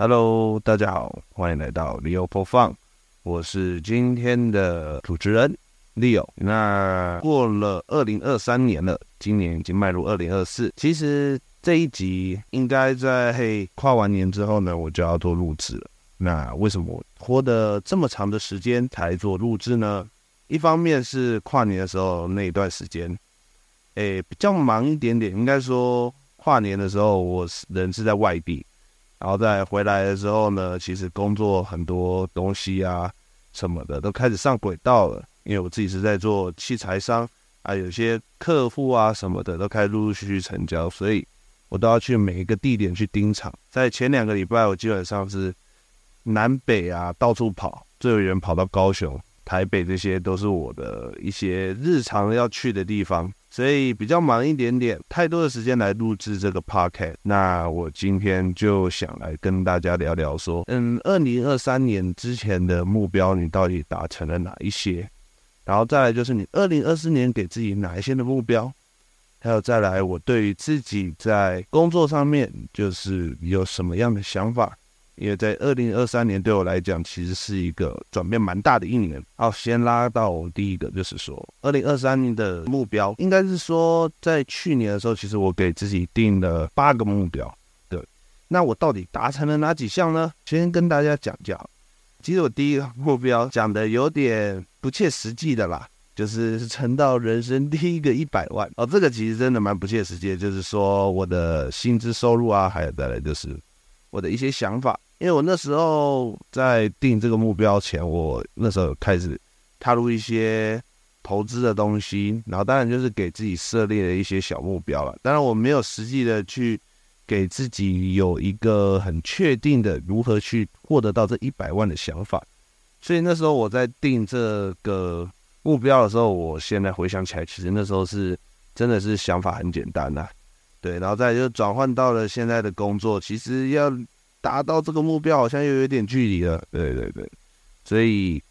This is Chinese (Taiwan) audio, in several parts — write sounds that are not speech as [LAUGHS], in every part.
Hello，大家好，歡迎來到 Leo for fun，我是今天的主持人 Leo。那過了二零二三年了，今年已經邁入二零二四。其實這一集應該在 hey, 跨完年之後呢，我就要做錄製了。那為什麼我拖的這麼長的時間才做錄製呢？一方面是跨年的時候那一段時間，哎，比較忙一點點。應該說跨年的時候，我是人是在外地。然後再回來的時候呢，其實工作很多東西啊什麼的都開始上軌道了。因為我自己是在做器材商啊，有些客戶啊什麼的都開始陸陸續續成交，所以我都要去每一個地點去盯場。在前兩個禮拜，我基本上是南北啊到處跑，最遠跑到高雄。台北這些都是我的一些日常要去的地方，所以比較忙一點點，太多的時間來錄製這個 podcast，那我今天就想來跟大家聊聊，說，嗯，二零二三年之前的目標你到底達成了哪一些？然後再來就是你二零二四年給自己哪一些的目標？還有再來，我對於自己在工作上面就是有什麼樣的想法？因為在二零二三年對我來講，其實是一個轉變蠻大的一年。好、哦，先拉到我第一個，就是說二零二三年的目標，應該是說在去年的時候，其實我給自己定了八個目標，對。那我到底達成了哪幾項呢？先跟大家講講，其實我第一個目標講的有點不切實際的啦，就是存到人生第一個一百萬。哦，這個其實真的蠻不切實際的，就是說我的薪資收入啊，還有再來就是我的一些想法。因為我那時候在定這個目標前，我那時候開始踏入一些投資的東西，然後當然就是給自己設立了一些小目標了。當然我沒有實際的去給自己有一個很確定的如何去獲得到這一百萬的想法，所以那時候我在定這個目標的時候，我現在回想起來，其實那時候是真的是想法很簡單吶啊。對，然後再就轉換到了現在的工作，其實要。達到這個目標好像又有點距離了，對對對，所以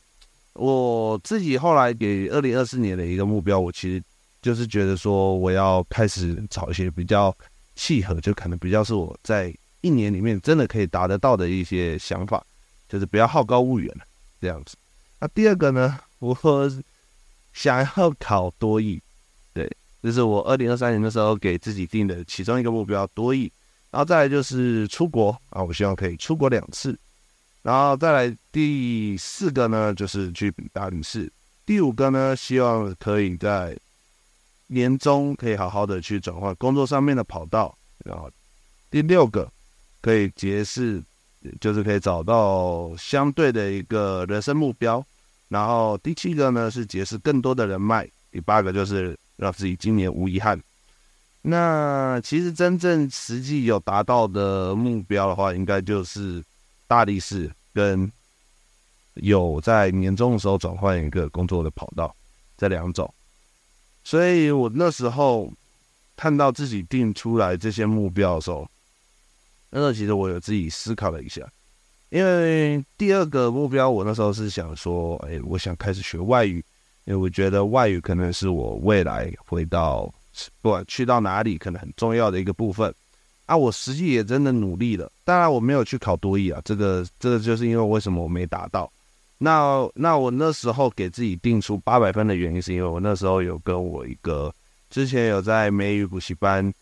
我自己後來給二零二四年的一個目標，我其實就是覺得說，我要開始找一些比較契合，就可能比較是我在一年裡面真的可以達得到的一些想法，就是不要好高騖遠這樣子。那第二個呢，我想要考多益，對，這是我二零二三年的時候給自己定的其中一個目標，多益。然後、啊、再來就是出國啊，我希望可以出國兩次。然後再來第四個呢，就是去大理市。第五個呢，希望可以在年終可以好好的去轉換工作上面的跑道。然後第六個可以結識，就是可以找到相對的一個人生目標。然後第七個呢是結識更多的人脈。第八個就是讓自己今年無遺憾。那其實真正實際有達到的目標的話，應該就是大力士跟有在年終的時候轉換一個工作的跑道這兩種。所以我那時候看到自己定出來這些目標的時候，那時候其實我有自己思考了一下，因為第二個目標我那時候是想說，哎，我想開始學外語，因為我覺得外語可能是我未來回到。不管去到哪裡，可能很重要的一個部分啊，我實際也真的努力了。當然，我沒有去考多益啊，這個這個就是因為為什麼我沒達到。那那我那時候給自己定出八百分的原因，是因為我那時候有跟我一個之前有在美語補習班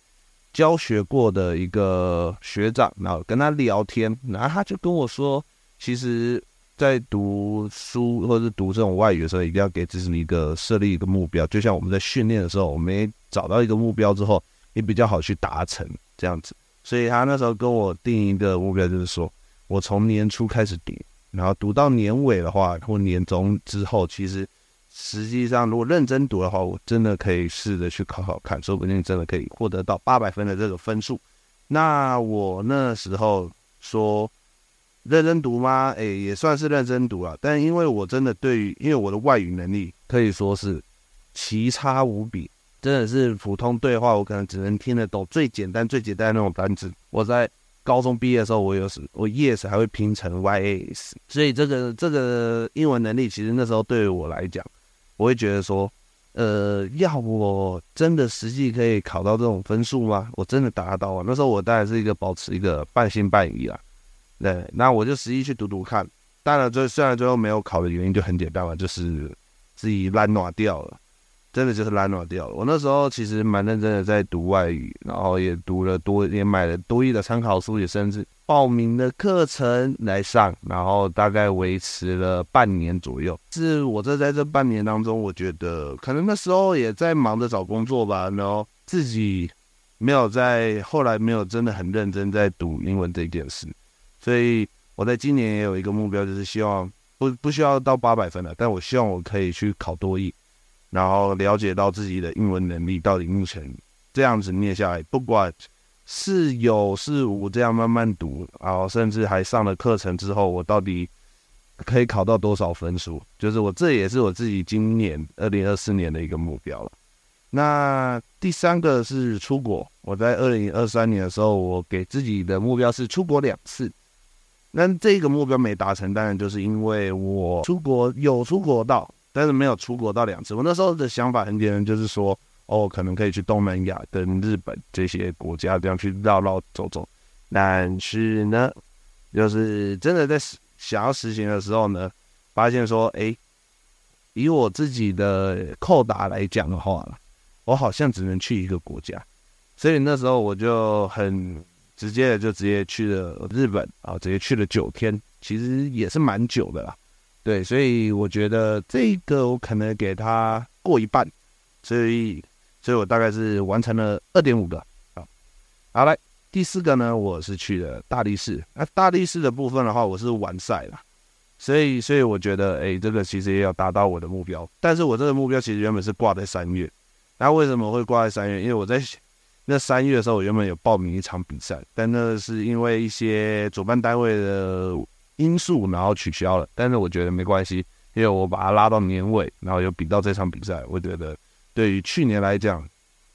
教學過的一個學長，然後跟他聊天，然後他就跟我說，其實，在讀書或者讀這種外語的時候，一定要給自己一個設立一個目標，就像我們在訓練的時候，我們。找到一個目標之後，也比較好去達成這樣子。所以他那時候跟我定一個目標，就是說我從年初開始讀，然後讀到年尾的話，或年中之後，其實實際上如果認真讀的話，我真的可以試着去考考看，說不定真的可以獲得到八百分的這個分數。那我那時候說認真讀嗎？誒、欸，也算是認真讀了，但因為我真的對於因為我的外語能力可以說是奇差無比。真的是普通對話，我可能只能聽得懂最簡單、最簡單的那種單詞。我在高中畢業的時候，我有時我 yes 還會拼成 y a s，所以這個這個英文能力，其實那時候對於我來講，我會覺得說，呃，要我真的實際可以考到這種分數嗎？我真的達到啊，那時候我當然是一個保持一個半信半疑啊。對，那我就實際去讀讀看。當然最雖然最後沒有考的原因就很簡單了，就是自己懶惰掉了。真的就是爛垮掉了。我那時候其實蠻認真的在讀外語，然後也讀了多，也買了多益的參考書，也甚至報名了課程來上，然後大概維持了半年左右。是我這在這半年當中，我覺得可能那時候也在忙着找工作吧，然後自己沒有在，後來沒有真的很認真在讀英文這件事。所以我在今年也有一個目標，就是希望不不需要到八百分了，但我希望我可以去考多益。然後了解到自己的英文能力到底目前這樣子念下來，不管是有是無，這樣慢慢讀，然後甚至還上了課程之後，我到底可以考到多少分數？就是我這也是我自己今年二零二四年的一個目標了。那第三個是出國，我在二零二三年的時候，我給自己的目標是出國兩次，那這個目標沒達成，當然就是因為我出國有出國到。但是沒有出國到兩次，我那時候的想法很簡單，就是說，哦，可能可以去東南亞跟日本這些國家這樣去繞繞走走。但是呢，就是真的在想要實行的時候呢，發現說，哎、欸，以我自己的扣打來講的話啦，我好像只能去一個國家，所以那時候我就很直接的就直接去了日本啊，直接去了九天，其實也是蠻久的啦。對，所以我覺得這個我可能給他過一半，所以，所以我大概是完成了二點五個啊。好，好，來第四個呢，我是去了大力士。那大力士的部分的話，我是完賽了，所以，所以我覺得，誒、欸，這個其實也要達到我的目標。但是我這個目標其實原本是掛在三月。那為什麼會掛在三月？因為我在那三月的時候，我原本有報名一場比賽，但那是因為一些主辦單位的。因素，然後取消了，但是我覺得沒關係，因為我把它拉到年尾，然後又比到這場比賽，我覺得對於去年來講，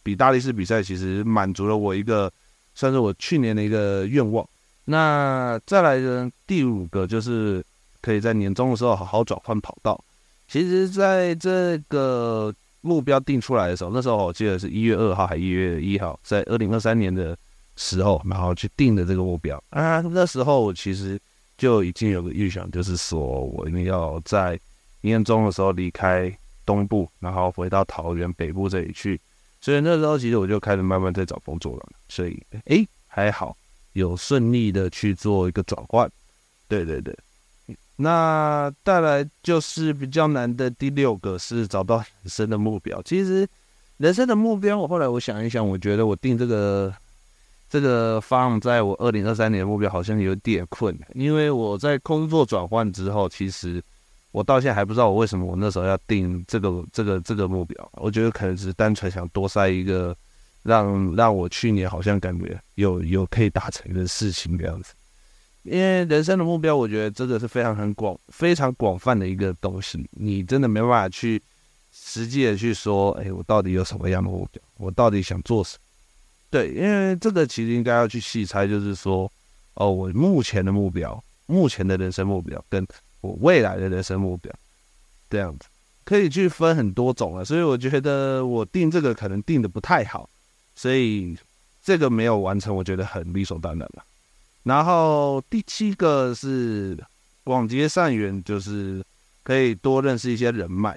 比大力士比賽其實滿足了我一個，算是我去年的一個願望。那再來呢，第五個就是可以在年終的時候好好轉換跑道。其實，在這個目標定出來的時候，那時候我記得是一月二號還一月一號，在二零二三年的時候，然後去定的這個目標啊，那時候我其實。就已經有個預想，就是說我一定要在年中的時候離開東部，然後回到桃園北部這裡去。所以那時候其實我就開始慢慢在找工作了。所以哎，還好有順利的去做一個轉換。對對對，那帶來就是比較難的第六個是找到人生的目標。其實人生的目標，我後來我想一想，我覺得我定這個。這個放在我二零二三年的目標好像有點困難，因為我在工作轉換之後，其實我到現在還不知道我為什麼我那時候要定這個這個這個目標。我覺得可能只是單純想多塞一個讓，讓讓我去年好像感覺有有可以達成的事情這樣子。因為人生的目標，我覺得真的是非常很廣、非常廣泛的一個東西，你真的沒辦法去實際的去說，哎，我到底有什麼樣的目標？我到底想做什麼？對，因為這個其實應該要去細拆，就是說，哦，我目前的目標，目前的人生目標，跟我未來的人生目標，這樣子可以去分很多種了。所以我覺得我定這個可能定得不太好，所以這個沒有完成，我覺得很理所當然了。然後第七個是廣結善緣，就是可以多認識一些人脈。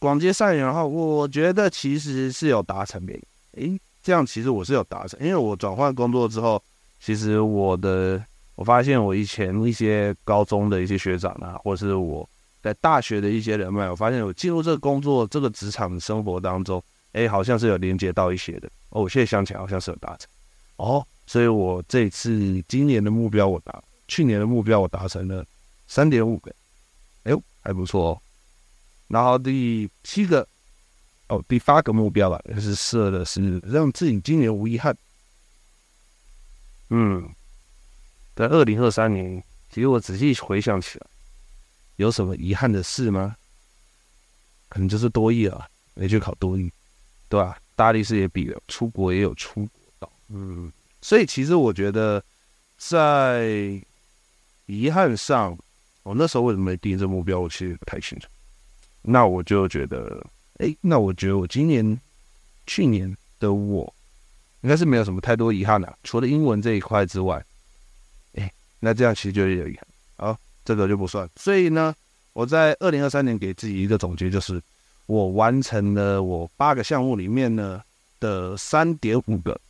廣結善緣的話，我覺得其實是有達成的，誒這樣其實我是有達成，因為我轉換工作之後，其實我的我發現我以前一些高中的一些學長啊，或者是我在大學的一些人脈，我發現我進入這個工作這個職場生活當中，哎，好像是有連接到一些的。哦，我現在想起來好像是有達成，哦，所以我這次今年的目標我達，去年的目標我達成了三點五個，哎呦還不錯哦。然後第七個。哦，第八個目標吧，是設的是讓自己今年無遺憾。嗯，在二零二三年，其實我仔細回想起來，有什麼遺憾的事嗎？可能就是多藝了、啊，沒去考多藝，對吧、啊？大力士也比了，出國也有出國嗯。所以其實我覺得，在遺憾上，我、哦、那時候為什麼沒定這目標，我其實不太清楚。那我就覺得。誒，那我覺得我今年、去年的我，應該是沒有什麼太多遺憾了，除了英文這一塊之外。誒，那這樣其實就有遺憾，好，這個就不算。所以呢，我在二零二三年給自己一個總結，就是我完成了我八個項目裡面呢的三點五個，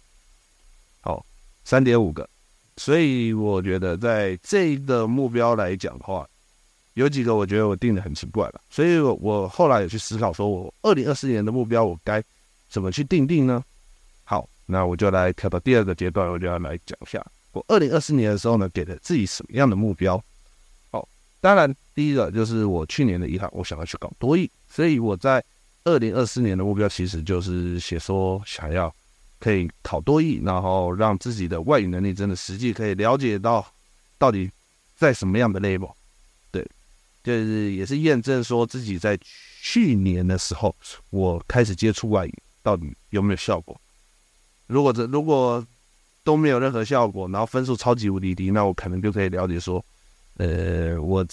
好，三點五個。所以我覺得在這個目標來講的話。有幾個我覺得我定的很奇怪了，所以，我後來有去思考，說我二零二四年的目標我該怎麼去定定呢？好，那我就來跳到第二個階段，我就要來講一下我二零二四年的時候呢，給了自己什麼樣的目標？好，當然第一個就是我去年的遺憾，我想要去搞多益，所以我在二零二四年的目標其實就是寫說想要可以考多益，然後讓自己的外語能力真的實際可以了解到到底在什麼樣的 level 就是也是驗證說自己在去年的時候，我開始接觸外語，到底有沒有效果？如果這如果都沒有任何效果，然後分數超級無敵低，那我可能就可以了解說，呃，我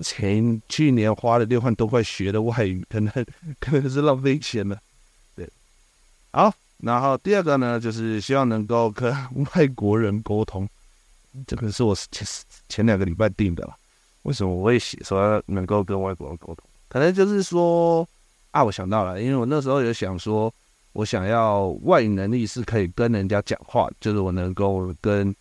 前去年花了六萬多塊學的外語，可能可能是浪費錢了。對，好，然後第二個呢，就是希望能夠跟外國人溝通，這個是我前前兩個禮拜定的了。為什麼我會寫說能夠跟外國人溝通？可能就是說啊，我想到了，因為我那時候有想說，我想要外語能力是可以跟人家講話，就是我能夠跟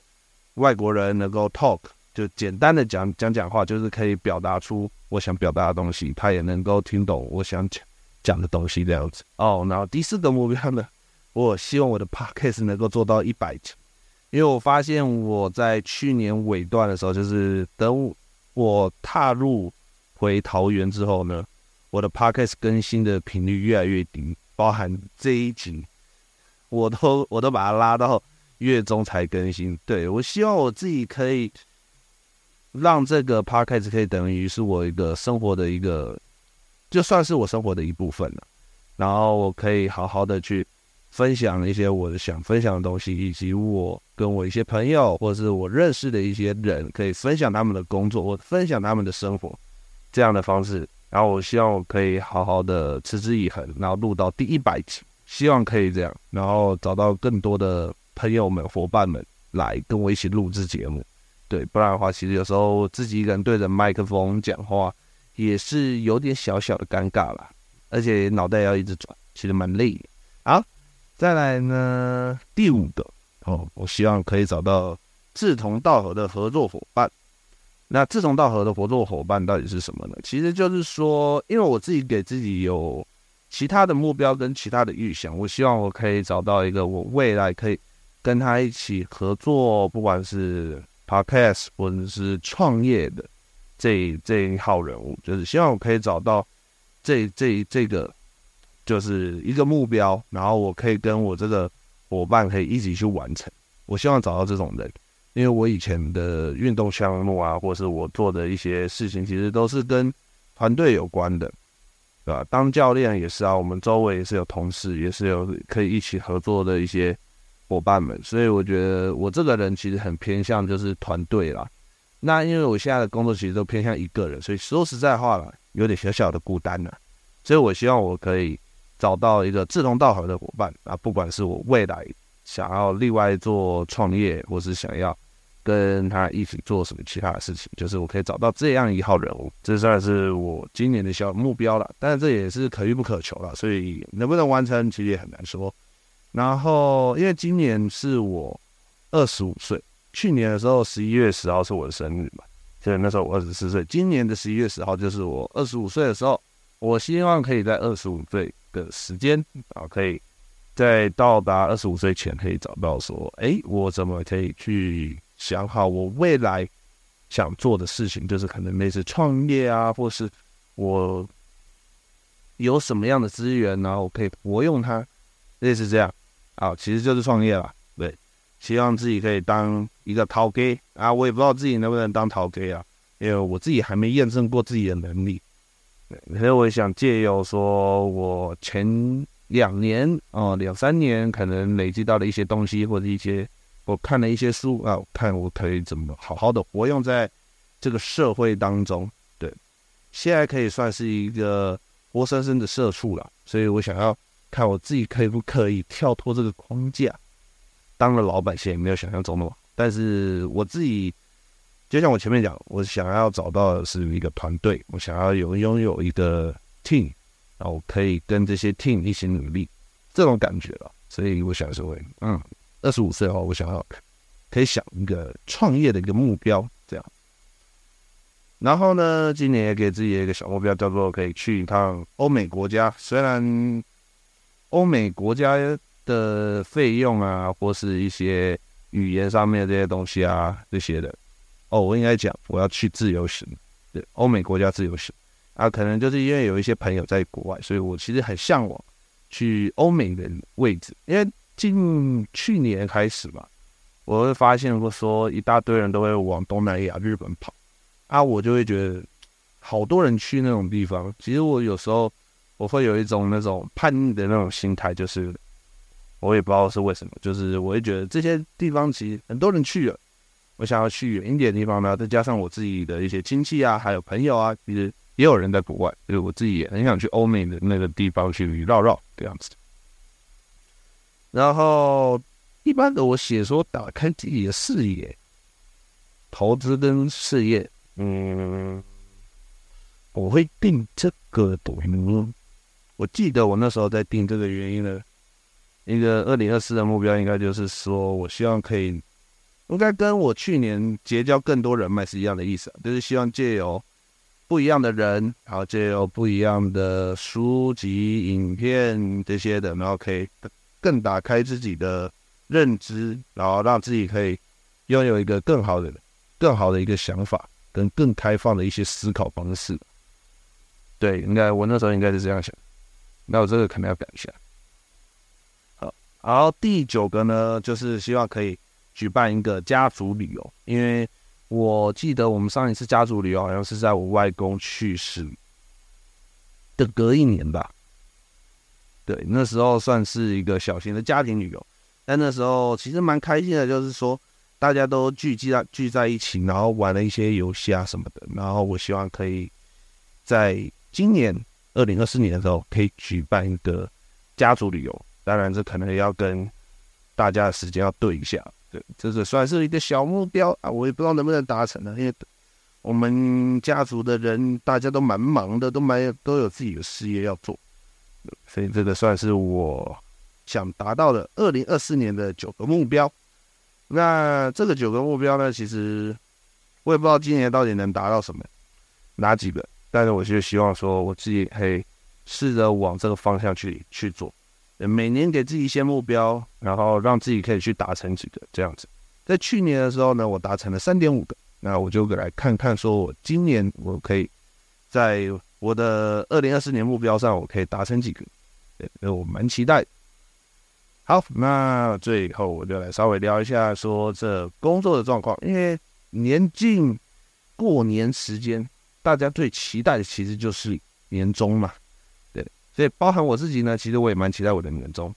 外國人能夠 talk，就簡單的講講講話，就是可以表達出我想表達的東西，他也能夠聽懂我想講講的東西這樣子。哦，然後第四個目標呢，我希望我的 podcast 能夠做到一百集，因為我發現我在去年尾段的時候，就是等。我踏入回桃園之後呢，我的 podcast 更新的頻率越來越低，包含這一集，我都我都把它拉到月中才更新。對，我希望我自己可以讓這個 podcast 可以等於是我一個生活的一個，就算是我生活的一部分了，然後我可以好好的去。分享一些我想分享的東西，以及我跟我一些朋友或者是我認識的一些人，可以分享他們的工作，或者分享他們的生活，這樣的方式。然後我希望我可以好好的持之以恆，然後錄到第一百集，希望可以這樣。然後找到更多的朋友們、夥伴們來跟我一起錄製節目，對，不然的話，其實有時候自己一個人對着麥克風講話，也是有點小小的尷尬啦，而且腦袋要一直轉，其實蠻累啊。再來呢，第五個哦，我希望可以找到志同道合的合作夥伴。那志同道合的合作夥伴到底是什麼呢？其實就是說，因為我自己給自己有其他的目標跟其他的預想，我希望我可以找到一個我未來可以跟他一起合作，不管是 podcast 或者是創業的這一這一號人物，就是希望我可以找到這一這一這個。就是一個目標，然後我可以跟我這個夥伴可以一起去完成。我希望找到這種人，因為我以前的運動項目啊，或是我做的一些事情，其實都是跟團隊有關的，對吧？當教練也是啊，我們周圍也是有同事，也是有可以一起合作的一些夥伴們。所以我覺得我這個人其實很偏向就是團隊啦。那因為我現在的工作其實都偏向一個人，所以說實在話了，有點小小的孤單了。所以我希望我可以。找到一個志同道合的夥伴啊，不管是我未來想要另外做創業，或是想要跟他一起做什麼其他的事情，就是我可以找到這樣一號人物，這算是我今年的小目標了。但是這也是可遇不可求了，所以能不能完成其實也很難說。然後，因為今年是我二十五歲，去年的時候十一月十號是我的生日嘛，所以那時候我二十四歲，今年的十一月十號就是我二十五歲的時候，我希望可以在二十五歲。的時間啊，可以在到達二十五歲前，可以找到說，哎、欸，我怎麼可以去想好我未來想做的事情？就是可能類似創業啊，或是我有什麼樣的資源、啊，然後我可以活用它，類似這樣啊，其實就是創業了。對，希望自己可以當一個頭家啊，我也不知道自己能不能當頭家啊，因為我自己還沒驗證過自己的能力。所以我想借由說，我前兩年哦、呃，兩三年可能累積到的一些東西，或者一些我看了一些書啊，我看我可以怎麼好好的活用在這個社會當中。對，現在可以算是一個活生生的社畜了，所以我想要看我自己可以不可以跳脫這個框架，當了老闆，現在也沒有想象中的忙，但是我自己。就像我前面講，我想要找到的是一個團隊，我想要有擁有一個 team，然後可以跟這些 team 一起努力，這種感覺了。所以我想說，嗯，二十五歲的話，我想要可以想一個創業的一個目標，這樣。然後呢，今年也給自己一個小目標，叫做可以去一趟歐美國家。雖然歐美國家的費用啊，或是一些語言上面的這些東西啊，這些的。哦，我應該講，我要去自由行，對，歐美國家自由行啊，可能就是因為有一些朋友在國外，所以我其實很向往去歐美的位置。因為近去年開始嘛，我會發現，我說一大堆人都會往東南亞、日本跑，啊，我就會覺得好多人去那種地方。其實我有時候我會有一種那種叛逆的那種心態，就是我也不知道是為什麼，就是我會覺得這些地方其實很多人去了。我想要去遠一點的地方呢，再加上我自己的一些親戚啊，還有朋友啊，其實也有人在國外，就是我自己也很想去歐美的那個地方去繞繞這樣子。然後一般的我寫說，打開自己的視野，投資跟事業，嗯，我會定這個抖音。我記得我那時候在定這個原因呢，一個二零二四的目標應該就是說，我希望可以。應該跟我去年結交更多人脈是一樣的意思，就是希望借由不一樣的人，然後借由不一樣的書籍、影片這些的，然後可以更打開自己的認知，然後讓自己可以擁有一個更好的、更好的一個想法，跟更開放的一些思考方式。對，應該我那時候應該是這樣想。那我這個可能要表一下。好，然後第九個呢，就是希望可以。舉辦一個家族旅遊，因為我記得我們上一次家族旅遊好像是在我外公去世的隔一年吧。對，那時候算是一個小型的家庭旅遊，但那時候其實蠻開心的，就是說大家都聚集在聚在一起，然後玩了一些遊戲啊什麼的。然後我希望可以在今年二零二四年的時候可以舉辦一個家族旅遊，當然這可能也要跟大家的時間要對一下。就是算是一個小目標啊，我也不知道能不能達成呢，因為我們家族的人大家都蠻忙的，都蠻有都有自己的事業要做，所以這個算是我想達到的2024年的九個目標。那這個九個目標呢，其實我也不知道今年到底能達到什麼，哪幾個，但是我就希望說我自己可以試着往這個方向去去做。每年給自己一些目標，然後讓自己可以去達成幾個這樣子。在去年的時候呢，我達成了三點五個，那我就來看看，說我今年我可以在我的二零二四年目標上，我可以達成幾個？我蠻期待的。好，那最後我就來稍微聊一下說這工作的狀況，因為年近過年時間，大家最期待的其實就是年終嘛。所以包含我自己呢，其實我也蠻期待我的年終。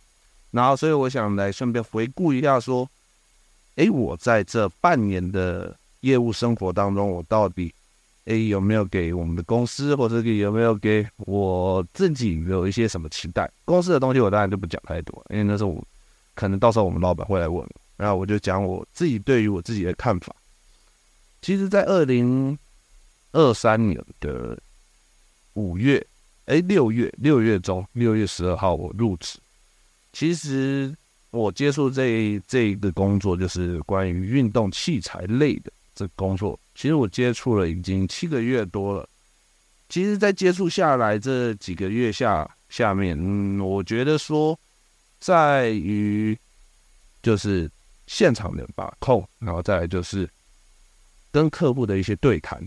然後，所以我想來順便回顧一下，說，誒，我在這半年的業務生活當中，我到底，誒有沒有給我們的公司，或者是給有沒有給我自己有一些什麼期待？公司的東西我當然就不講太多，因為那時候我可能到時候我們老闆會來問。然後我就講我自己對於我自己的看法。其實，在二零二三年的五月。哎，六月六月中，六月十二號我入職。其實我接觸這一這一個工作，就是關於運動器材類的這工作。其實我接觸了已經七個月多了。其實，在接觸下來這幾個月下下面，嗯，我覺得說在於就是現場的把控，然後再來就是跟客戶的一些對談，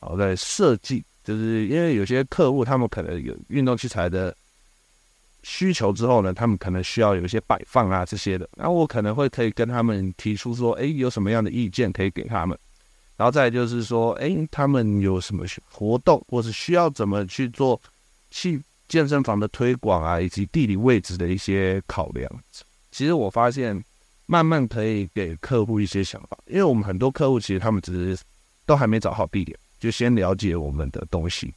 然後再設計。就是因為有些客戶，他們可能有運動器材的需求之後呢，他們可能需要有一些擺放啊這些的。那我可能會可以跟他們提出說，哎，有什麼樣的意見可以給他們。然後再就是說，哎，他們有什麼活動，或者需要怎麼去做，去健身房的推廣啊，以及地理位置的一些考量。其實我發現，慢慢可以給客戶一些想法，因為我們很多客戶其實他們只是都還沒找好地點。就先了解我們的東西，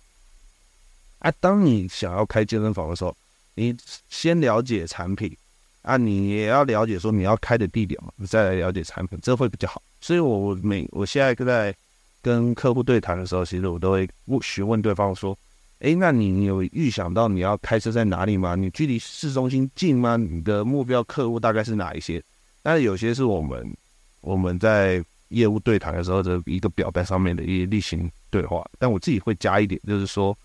啊，當你想要開健身房的時候，你先了解產品，啊，你也要了解說你要開的地點，你再來了解產品，這會比較好。所以我每我現在在跟客戶對談的時候，其實我都會詢問對方說：“誒、欸，那你有預想到你要開車在哪裡嗎？你距離市中心近嗎？你的目標客戶大概是哪一些？”但有些是我們我們在。業務對談的時候，這一個表白上面的一些例行對話，但我自己會加一點，就是說，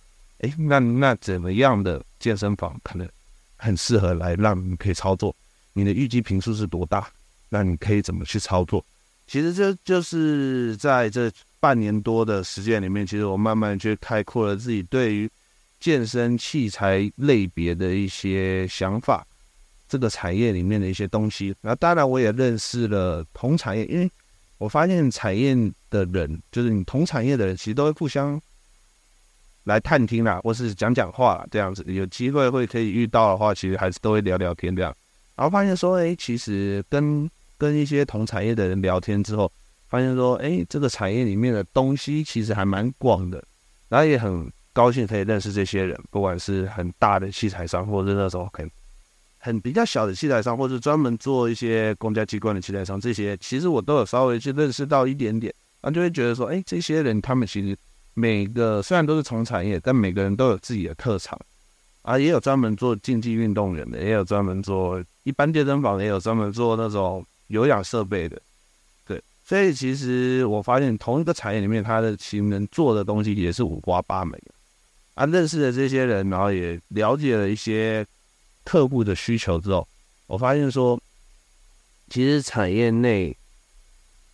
誒，那那怎麼樣的健身房可能很適合來讓你可以操作？你的預計坪數是多大？那你可以怎麼去操作？其實就就是在這半年多的時間裡面，其實我慢慢去開闊了自己對於健身器材類別的一些想法，這個產業裡面的一些東西。那當然，我也認識了同產業，因為。我發現產業的人，就是你同產業的人，其實都會互相來探聽啦，或是講講話這樣子。有機會會可以遇到的話，其實還是都會聊聊天這樣。然後發現說，哎，其實跟跟一些同產業的人聊天之後，發現說，哎，這個產業裡面的東西其實還蠻廣的。然後也很高興可以認識這些人，不管是很大的器材商，或者是那種肯，很比較小的器材商，或者專門做一些公家機關的器材商，這些其實我都有稍微去認識到一點點，啊，就會覺得說，誒、欸，這些人他們其實每個雖然都是從產業，但每個人都有自己的特長，啊，也有專門做競技運動員的，也有專門做一般健身房，也有專門做那種有氧設備的，對，所以其實我發現同一個產業裡面，他的其實能做的東西也是五花八門啊。認識的這些人，然後也了解了一些。客戶的需求之後，我發現說，其實產業內，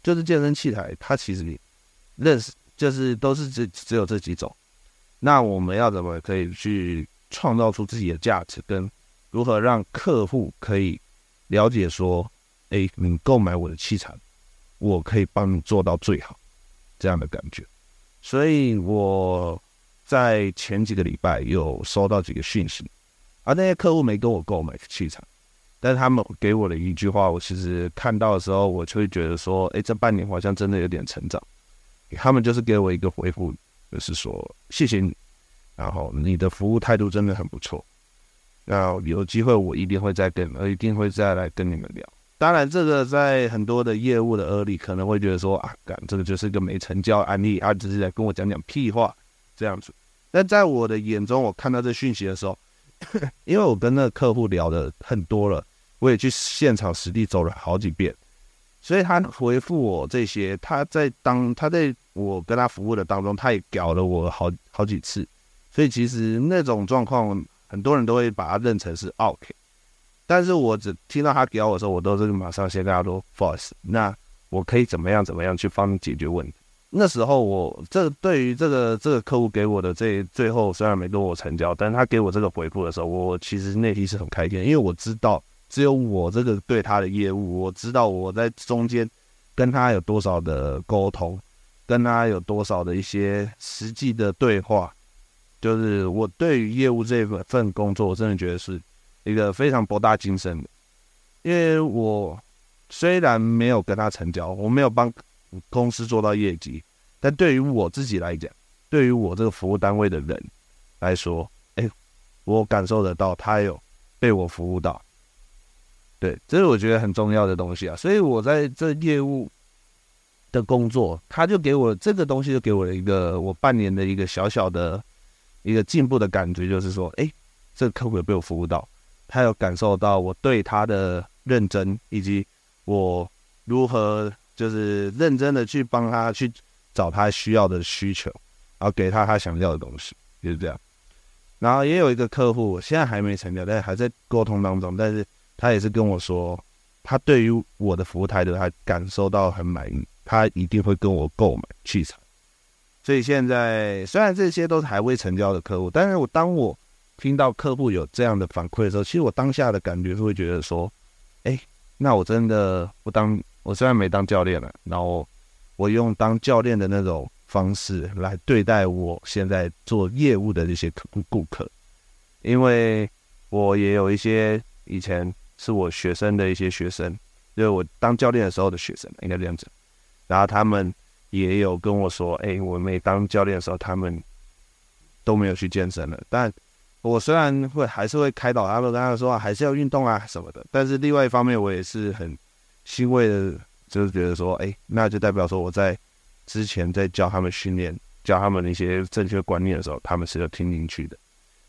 就是健身器材，它其實你認識就是都是只只有這幾種。那我們要怎麼可以去創造出自己的價值，跟如何讓客戶可以了解說，哎，你購買我的器材，我可以幫你做到最好，這樣的感覺。所以我在前幾個禮拜有收到幾個訊息。而、啊、那些客戶沒跟我購買器材，但他們給我的一句話，我其實看到的時候，我就會覺得說：誒、欸，這半年好像真的有點成長。他們就是給我一個回復，就是說謝謝你，然後你的服務態度真的很不錯。那有機會我一定會再跟，一定會再來跟你們聊。當然，這個在很多的業務的耳裡，可能會覺得說：啊，幹，這個就是一個沒成交案例，啊，只是在跟我講講屁話這樣子。但在我的眼中，我看到這訊息的時候。 [LAUGHS] 因為我跟那個客戶聊的很多了，我也去現場實地走了好幾遍，所以他回復我這些，他在當他在我跟他服務的當中，他也搞了我好好幾次，所以其實那種狀況很多人都會把它認成是 OK，但是我只聽到他給我的時候，我都是馬上先跟他說 force，那我可以怎麼樣怎麼樣去幫你解決問題。那時候我這對於這個這個客戶給我的這最後雖然沒跟我成交，但他給我這個回復的時候，我其實內心是很開心，因為我知道只有我這個對他的業務，我知道我在中間跟他有多少的溝通，跟他有多少的一些實際的對話，就是我對於業務這份工作，我真的覺得是一個非常博大精深的。因為我雖然沒有跟他成交，我沒有幫。公司做到業績，但對於我自己來講，對於我這個服務單位的人來說，哎、欸，我感受得到他有被我服務到，對，這是我覺得很重要的東西啊。所以我在這業務的工作，他就給我這個東西，就給我一個我半年的一個小小的、一個進步的感覺，就是說，哎、欸，這個客戶有被我服務到，他有感受到我對他的認真，以及我如何。就是認真的去幫他去找他需要的需求，然後給他他想要的東西，就是這樣。然後也有一個客戶，現在還沒成交，但還在溝通當中。但是他也是跟我說，他對於我的服務態度，他感受到很滿意，他一定會跟我購買器材。所以現在雖然這些都是還未成交的客戶，但是我當我聽到客戶有這樣的反饋的時候，其實我當下的感覺是會覺得說，哎，那我真的不當。我雖然沒當教練了，然後我用當教練的那種方式，來對待我現在做業務的這些客顧客，因為我也有一些以前是我學生的一些學生，就是我當教練的時候的學生，應該這樣子。然後他們也有跟我說：“哎、欸，我沒當教練的時候，他們都沒有去健身了。”但我雖然會還是會開導他們，跟他們說還是要運動啊什麼的。但是另外一方面，我也是很。欣慰的，就是覺得說，誒、欸，那就代表說我在之前在教他們訓練、教他們一些正確觀念的時候，他們是有聽進去的。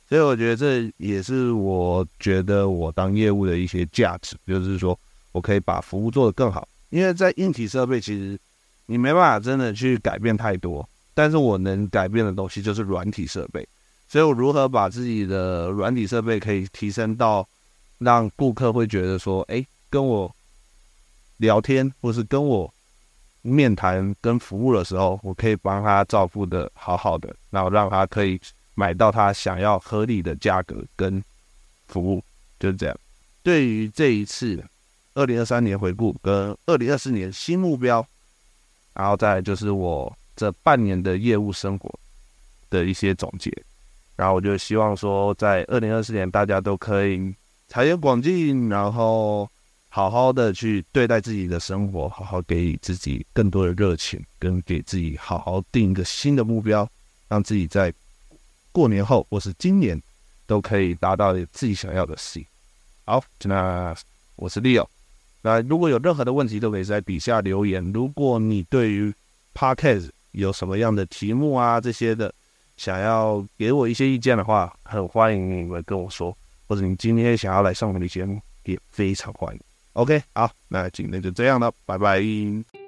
所以我覺得這也是我覺得我當業務的一些價值，就是、就是說我可以把服務做得更好。因為在硬體設備其實你沒辦法真的去改變太多，但是我能改變的東西就是軟體設備。所以我如何把自己的軟體設備可以提升到讓顧客會覺得說，誒、欸，跟我。聊天或是跟我面談跟服務的時候，我可以幫他照顧得好好的，然後讓他可以買到他想要合理的價格跟服務，就是這樣。對於這一次二零二三年回顧跟二零二四年新目標，然後再就是我這半年的業務生活的一些總結，然後我就希望說，在二零二四年大家都可以財源廣進，然後。好好的去對待自己的生活，好好給自己更多的熱情，跟給自己好好定一個新的目標，讓自己在過年後或是今年都可以達到自己想要的事業。好，那我是 Leo，那如果有任何的問題都可以在底下留言。如果你對於 Podcast 有什麼樣的題目啊這些的，想要給我一些意見的話，很歡迎你們跟我說，或者你今天想要來上我的節目也非常歡迎。OK，好，那今天就這樣了，拜拜。